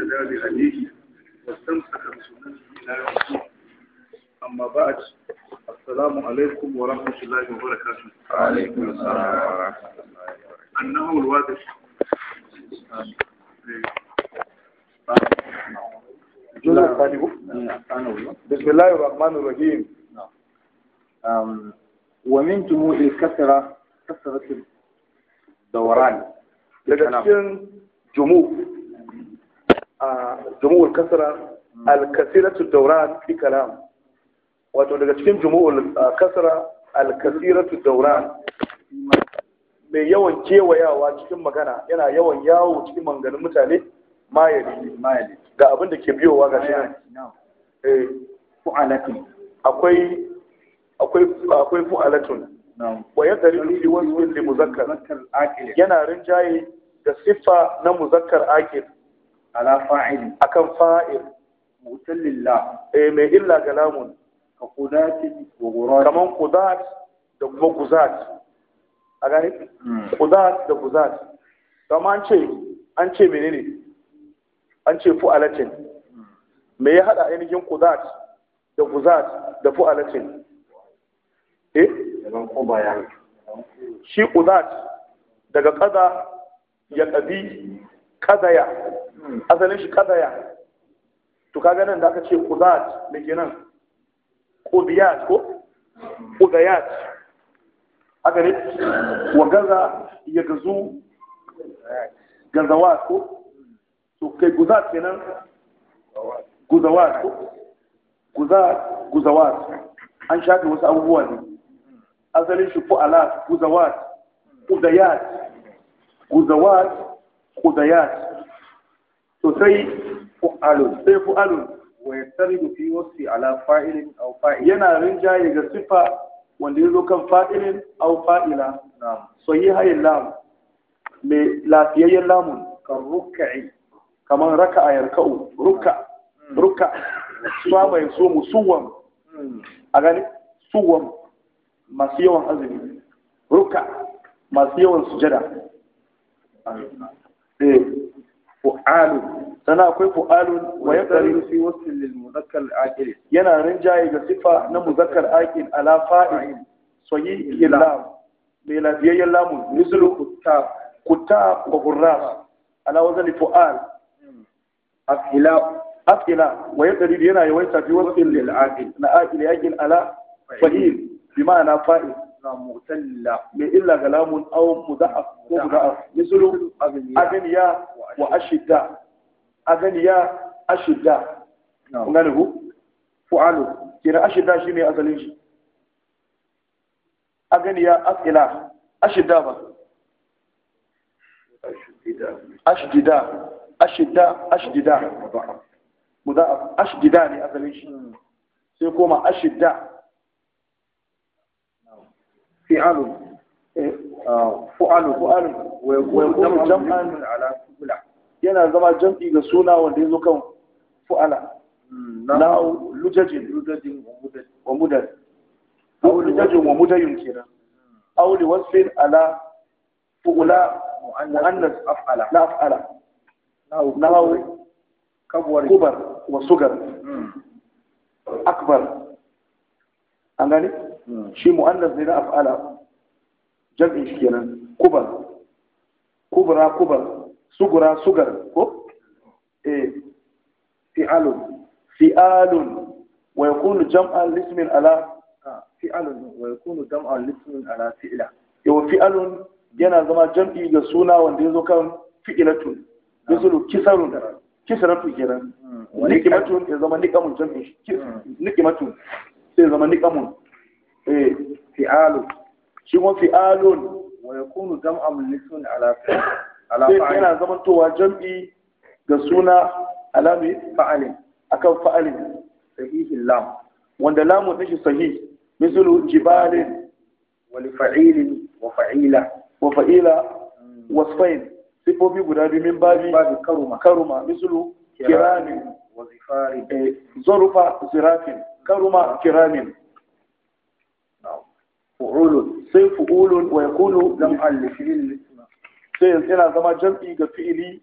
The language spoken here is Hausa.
اهتدى بهديه واستمسك بسنته الى يوم الدين اما بعد السلام عليكم ورحمه الله وبركاته وعليكم السلام ورحمه الله وبركاته انه الواضح بسم الله الرحمن الرحيم ومن جموع الكثرة كثرة الدوران daga cikin jumu jumu'ul kasra hmm. al-kasiratu dawran fi kalam wato daga cikin jumu'ul kasra al-kasiratu dawran mai yawan kewayawa cikin magana yana yawan yawo cikin manganin mutane mayali ga abin da ke biyowa ga shi eh. fu'alatun akwai akwai akwai fu'alatun wa ya dari fi wasu li muzakkar yana rinjaye da siffa na muzakkar akil ala fa'il akan fa'il mutan eh mai illa ga ka kudati wa gurat kaman kudat da kuma kuzat a gani hmm. kudat da kuzat amma an ce an ce menene an ce fu'alatin hmm. me ya hada ainihin kudat da kuzat da fu'alatin eh shi kudat daga kaza ya kadi kabi ya asalin shi kadaya to kaga nan da aka ce qudat me kenan qudiyat ko qudiyat aka ne wa gaza ya gazu gazawat ko to kai guzat kenan guzawat ko guzat guzawat an shafe wasu abubuwa ne asalin shi fu'alat guzawat kudayat, guzawat kudayat. to sai fu'alun sai fu'alun wa yastaridu fi wasfi ala fa'ilin aw fa'ila yana rinjaye ga sifa wanda yazo kan fa'ilin aw fa'ila na'am sahihayin lam me lafiyayyen lamun kan ruk'i kaman raka'a yarka'u ruk'a ruk'a suwa bai so musuwan a gani suwan masu yawan azumi ruk'a masu yawan sujada eh fu'alu sana akwai fu'alu wa tsari fi wasu lil muzakkar aqil yana rinjaye ga sifa na muzakkar aqil ala fa'il sahih lam mai lafiyayyen lamun mislu kutab kutab wa hurras ala wazn fu'al afila afila wa yaqdiru yana yawaita fi wasl lil aqil na aqil yaqil ala fa'il bima'ana fa'il lamun بإلا كلام ko مضعف مضعف abin ya. wa ashidda aganiya ashidda kun gane ku fu'alu kira ashidda shine asalin shi aganiya asila ashidda ba ashdida ashidda ashdida mudaf ashdida ne asalin shi hmm. sai koma yana zama jam'i ga suna wanda ya zo kan fu'ala na lujajin wa mudar au lujajin wa mudayun kenan hmm. au wasfin ala fu'ula mu'annas af'ala na af'ala na hau kabuwar kubar wa sugar hmm. akbar an gani hmm. shi mu'annas ne na af'ala jam'i shi kenan kubar kubra kubar sugura sugar ko eh fi'alun fi'alun wa yakunu jam'an lismin ala ah, fi'alun wa yakunu jam'an lismin ala fi'la yawa fi'alun yana zama jam'i ga suna wanda ya zo kan fi'ilatun mislu kisarun kisaratu kenan hmm, nikimatun ya zama nikamun jam'i hmm. nikimatun sai zama nikamun e eh, fi'alun shi kuma fi'alun wa yakunu lismin ala fi'la sai yana zamantowa jam'i ga suna alami fa'alin akan fa'alin sahihin lam wanda lamun take sahih misalu jibalin wal fa'ilin wa fa'ila wa fa'ila hmm. wasfain sifofi guda biyu min babi karuma karuma misalu kiramin wa zorufa eh, zirafin karuma kiramin fu'ulun sai fu'ulun wa yakunu lam al fi'il sai yana zama jam'i ga fi'ili